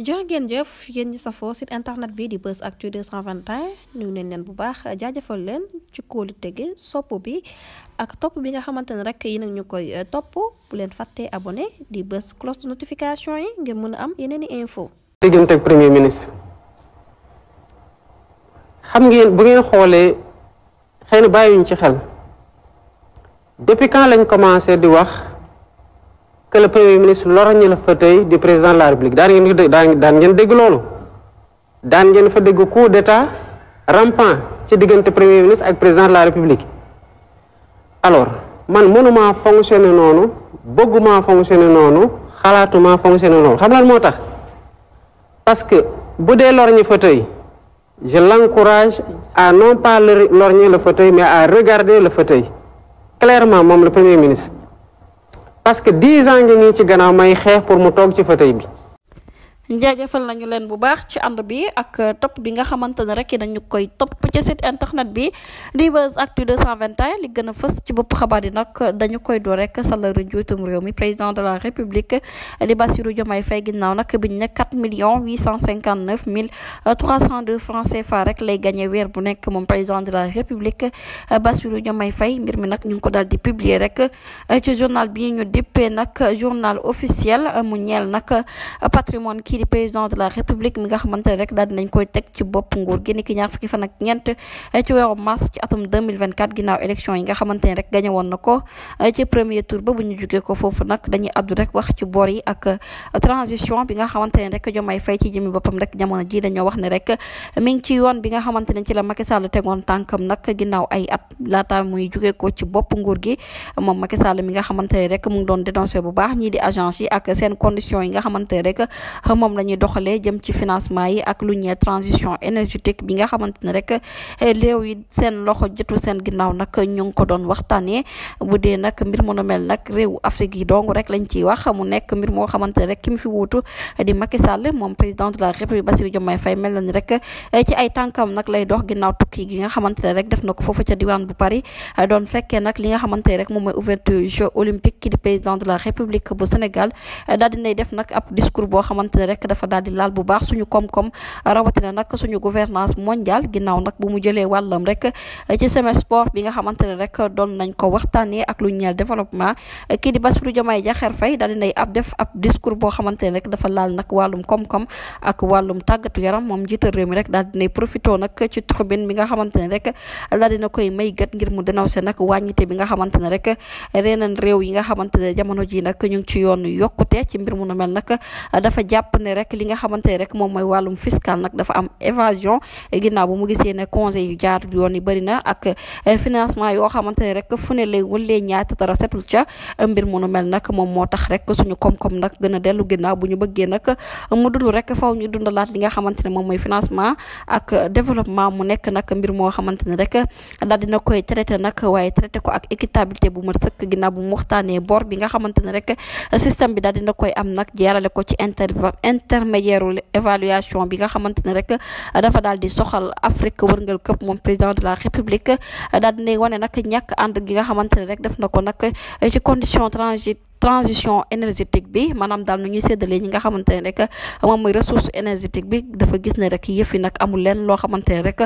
jërë ngeen jëf yéen ñi safoo site internet bi di Buzz Actu 221 ñu neen leen bu baax jaajëfal leen ci koolu tege sopp bi ak topp bi nga xamante ne rek yi nag ñu koy eh, topp bu leen fatte abone di bës cloche de notification yi ngeen mën a am yeneen i info diggante ak premier ministre xam ngeen bu ngeen xoolee xëy na bàyyiwuñ ci xel depuis quand lañ commencé di wax que le premier ministre lorgne le fauteuil du président de la république daan ngeen dégg daan ngeen dégg loolu daan ngeen fa dégg coup d'état rampant ci diggante premier ministre ak président de la république alors man mënuma fonctionner noonu bëgguma fonctionner noonu xalaatuma fonctionner noonu xam lan moo tax parce que bu dee lorgne fauteuil je l'encourage à non pas lorgner fa fauteuil mais à regarder fa tey clairement moom la premier ministre parce que dix ans ngi nii ci gannaaw may xeex pour mu toog ci fauteuil bi jaajëfal nañu leen bu baax ci ànd bi ak topp bi nga xamante ne rek dañu koy topp ci site internet bi di Buzz Actu 221 li gën a fës ci bopp xabaar yi nag dañu koy door rek salaire njiitum réew mi président de la république di Bassirou Diomaye Faye ginnaaw nag biñ ne 4 millions 859 mille 302 francs CFA rek lay gagné weer bu nekk moom de la république Bassirou mbir mi nag ñu ngi ko daal di publier rek ci journal bi ñu dippee nag journal officiel mu ñeel nag patrimoine kii di président de la république mi nga xamante rek daal dinañ koy teg ci bopp nguur gi ni ki ak ñeent eh, ci weeru mars ci atum 2024 ginnaaw élection yi nga xamante ne rek gañe ko eh, ci tour ba bu ñu jógee ko foofu nag dañuy addu rek wax ci bor yi ak eh, bi nga xamante ne rek Diomaye Faye ci jëmi boppam rek jamono ji dañoo wax ne rek mi ngi ci yoon bi nga xamante ne ci la Macky Sall tegoon tànkam nag ginnaaw ay at laata muy jógee ko ci bopp nguur gi moom Macky Sall mi nga xamante ne rek mu ngi doon dénoncé bu baax ñii di agence yi ak seen condition yi nga xamante ne rek moom moom la ñuy doxalee jëm ci financement yi ak lu ñeel transition énergétique bi nga xamante rek eh, réew seen loxo jotu seen ginnaaw nag ñu ko doon waxtaanee bu dee nag mbir mu nu mel nag réew Afrique yi dong rek lañ ciy wax mu nekk mbir moo xamante ne rek ki mu fi wuutu di Macky Sall moom président de la République Bassirou Diomaye Faye mel na ni rek eh, ci ay ne rek def na ko foofu ca diwaan bu Paris doon fekkee nag Sénégal eh, daal dinay def nag ab discours boo xamante rek dafa daal di laal bu baax suñu koom-koom rawatina nag suñu gouvernance mondiale ginnaaw nag bu mu jëlee wàllam rek ci semaine sport bi nga xamante ne rek doon nañ ko waxtaanee ak lu ñeel développement kii di Bassirou Diomaye Diakhar Faye daal di nay ab def ab discours boo xamante ne rek dafa laal nag wàllum koom-koom ak wàllum tàggatu yaram moom jiital réew mi rek daal di nay profito nag ci tribune bi nga xamante ne rek daal dina koy may gët ngir mu dénoncé nag wàññite bi nga xamante ne rek reeneen yi nga xamante ne jamono ji nag ñu ci yoon yokkute ci mbir mu nu mel nag dafa jàpp ne rek li nga xamante ne rek moom mooy wàllum fiscal nag dafa am évasion ginnaaw bu mu gisee ne conseil yu jaar yoon yi bëri na ak eh, financement yoo xamante ne rek fu ne lay wëlee ñaata dara setul ca mbir mu nu mel nag moo tax rek suñu koom-koom nag gën a dellu ginnaaw bu ñu bëggee nag mu dund rek faw ñu dundalaat li nga xamante ne moom mooy financement ak développement mu nekk nag mbir moo xamante ne rek daal dina koy traité nag waaye traité ko ak équitabilité bu mat sëkk ginnaaw bu mu waxtaanee bor bi nga xamante ne rek système bi daal dina koy am nag jaarale ko ci intermédiaire évaluation bi nga xamante a rek dafa daal di soxal Afrique wërngal këpp moom président de la république daal dinay wane nag ñàkk ànd gi nga xamante ne rek def na ko nag ci condition transit transition énergétique bi maanaam daal nu ñuy séddalee ñi nga xamante ne rek moom mooy ressource énergétique bi dafa gis ne rek yëf yi nag amul leen loo xamante ne rek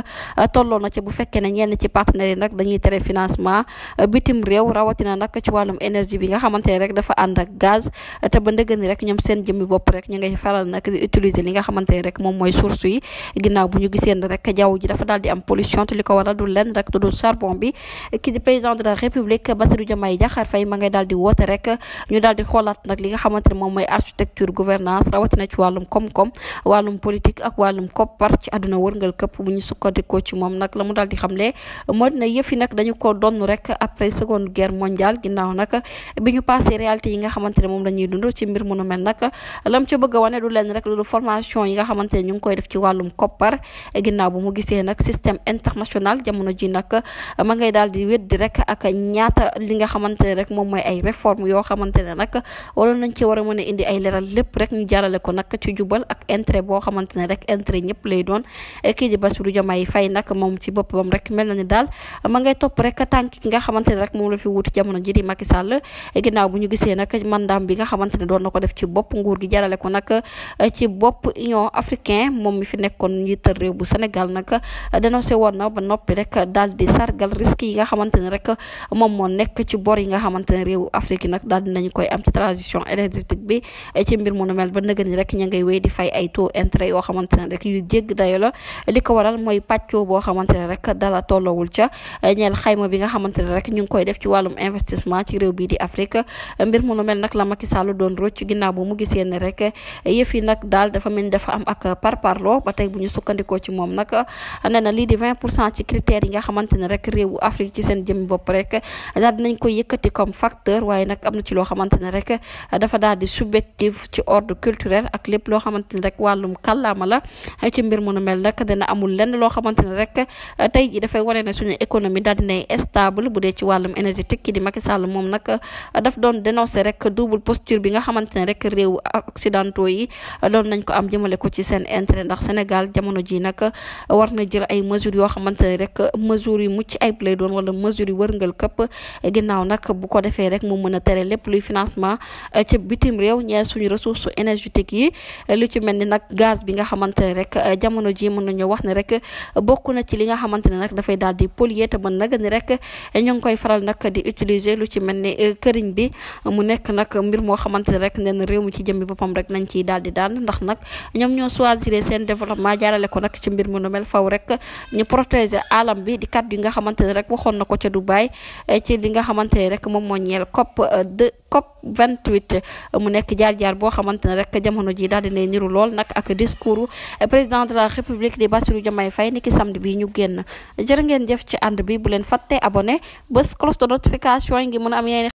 tolloo na bu fekkee ne ñenn ci partenaires yi dañuy tere financement bitim réew rawatina nag ci wàllum énergie bi nga xamante ne rek dafa ànd ak gaz te ba ndëgg rek ñoom seen jëmmi bopp rek ñu ngay faral na di utiliser li nga xamante ne rek moom mooy source yi ginnaaw bu ñu gisee ne rek jaww ji dafa daal di am pollution te li ko waral du lenn rek du dul charbon bi ki di président de la république Bassirou Diomaye Diakhar Faye ma ngay daal di woote rek ñu daal di xoolaat nag li nga xamante ne moom mooy architecture gouvernance rawatina ci wàllum koom-koom wàllum politique ak wàllum koppar ci àdduna wërngal këpp bu ñu sukkandikoo ci moom nag la mu daal di xamle moo dina yëf yi nag dañu ko donn rek après seconde guerre mondiale ginnaaw nag bi ñu passé réalité yi nga xamante ne moom la ñuy ci mbir mu nu mel nag lam ci bëgg wanee wane du leen rek loolu formation yi nga xamante ne ñu ngi koy def ci wàllum koppar ginnaaw bu mu gisee nag système international jamono ji nag ma ngay daal di weddi rek ak ñaata li nga xamante ne rek moom mooy ay réforme yoo xamante xamante ne nag waroon nañ ci war a mën a indi ay leeral lépp rek ñu jaarale ko nag ci jubal ak intérêt boo xamante ne rek intérêt ñëpp lay doon kii di Bassirou Diomaye Faye nag moom ci boppam rek mel na ni daal ma ngay topp rek tànk ki nga xamante ne rek moom la fi wuutu jamono ji di Macky Sall ginnaaw bu ñu gisee nag mandaam bi nga xamante ne doon na ko def ci bopp nguur gi jaarale ko nag ci bopp Union africain moom mi fi nekkoon njiital réew bu Sénégal nag dénoncé woon na ba noppi rek daal di sargal risque yi nga xamante ne rek moom moo nekk ci bor yi nga xamante ne réew Afrique nag daal dinañ nañu koy am ci transition énergétique bi eh, ci mbir mu nu mel ba nëgën ni rek ña ngay wéy di fay ay taux intérêt yoo xamante ne rek yu eh, koy def ci wàllum investissement ci réew bii di Afrique mbir mu nu mel nag la Macky Sall doon mu gisee rek eh, yëf yi daal dafa mel dafa am ak parparloo ba tey bu ñu sukkandikoo ci moom nag nee na lii di pour cent ci critères nga xamante rek réewu Afrique ci seen jëmmi bopp rek daal dinañ ko yëkkati comme facteur xamante ne rek eh, dafa daal di subjectif ci ordre culturel ak lépp loo xamante ne rek wàllum kàllaama la eh, ci mbir mu nu mel nag dina amul lenn loo xamante ne rek eh, tey ji dafay wane ne suñu économie daal dinay stable bu dee ci wàllum énergétique ki di Macky Sall moom nag daf doon dénoncer rek double posture bi nga xamante ne rek réew occidentaux yi doon nañ ko am jëmale ko ci seen intérêt ndax Sénégal jamono ji nag war na jël ay mesures yoo xamante ne rek mesures y mucc ayib lay doon wala mesures yu wërngal këpp ginnaaw nag bu ko defee rek mu mën a tere lépp luy financement euh, ci bitim réew ñeel suñu ressources énergétiques yi lu ci mel ni nag gaz bi nga xamante ne rek euh, jamono ji mën nañu wax ne rek bokk na ci li nga xamante ne nag dafay daal di polluer te mën nag ni rek ñu ngi koy lu ci mel ni euh, këriñ bi mu nekk nag mbir moo xamante ne rek neen réew mi ci jëm bi boppam rek nañ ciy daal di daan ndax nag ñoom ñoo choisir seen développement jaarale ko nag ci mbir mu nu mel faw rek ñu protéger alam bi di kat yi nga xamante ne rek waxoon na ko ca moom moo ñeel COP COP 28 mu nekk jaar-jaar boo xamante ne rek jamono ji daal dinay niru lool nag ak discours président de la république di Bassirou Diomaye Faye niki samedi bi ñu génn jërë ngeen jëf ci ànd bi bu leen fàtte abonné bés cloche de notification yi ngi am yeneen